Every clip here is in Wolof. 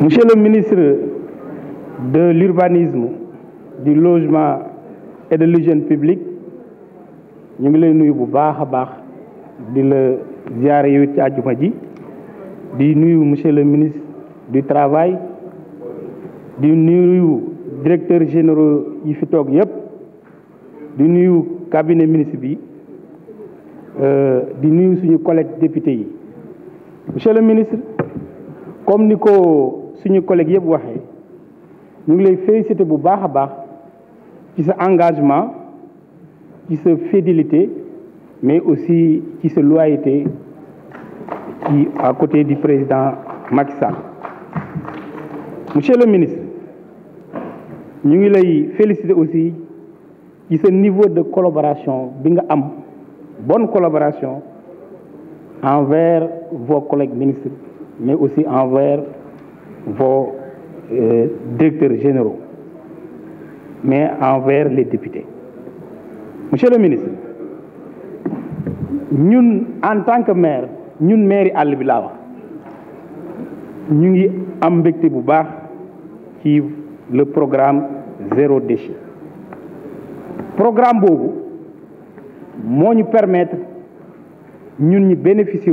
Monsieur le ministre de l'urbanisme, du logement et de l'hygiène publique ñu ngi lay nuyu bu baax a baax di la jaar yow ci àjjuma ji di nuyu monsieur le ministre du travail di nuyu directeur générau yi fi toog yépp di nuyu cabinet ministre bi euh, di nuyu suñu collègue député yi monsieur le ministre comme nous le suñu collègues yeb waxé ñu ngi lay félicité bu engagement ci fidélité mais aussi ci sa loyauté à côté du président Macky Sall monsieur le ministre nous ngi lay aussi ci ce niveau de collaboration bi bonne collaboration envers vos collègues ministres mais aussi envers vos euh, directeurs généraux, mais envers les députés. Monsieur le ministre, nous, en tant que maire nous maire à à nous Nous ñu ngi le programme zéro déchet programme nous, nous nous permettre de bénéficier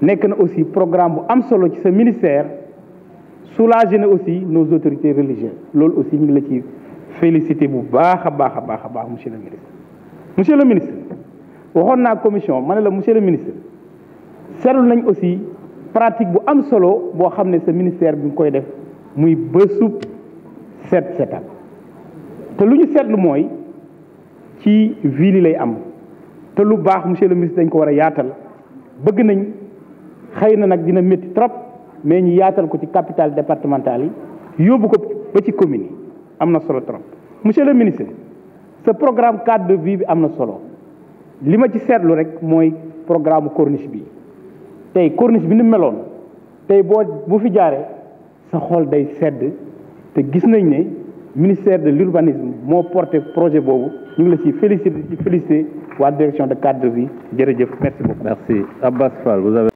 nekk na aussi programme bu am solo ci sa ministère soulager na aussi nos autorités religieuses loolu aussi ñu ngi la ci félicité bu baax a baax a baax a baax monsieur le ministre. monsieur le ministre waxoon naa commission ma ne la monsieur le ministre seetlu nañ aussi pratique bu am solo boo xam ne sa ministère bi nga koy def muy bësub seet seetal te lu ñu seetlu mooy ci ville lay am te lu baax monsieur le ministre dañ ko war a yaatal bëgg nañ. xeyna nak dina metti trop mais ñu yaatal ko ci capital départemental yi yóbbu ko ba ci commune yi am na solo trop monsieur le ministre ce programme cadre de vie bi am na solo li ma ci seetlu rek mooy programme corniche bi tey corniche bi ni meloon tey boo bu fi jaaree sa xol day sedd te gis nañ ne ministère de l'urbanisme moo porté projet boobu ñu ngi la ci féliciter ci féliciter waa direction de cadre de vie jërëjëf merci beaucoup merci Abbas Fall vous avez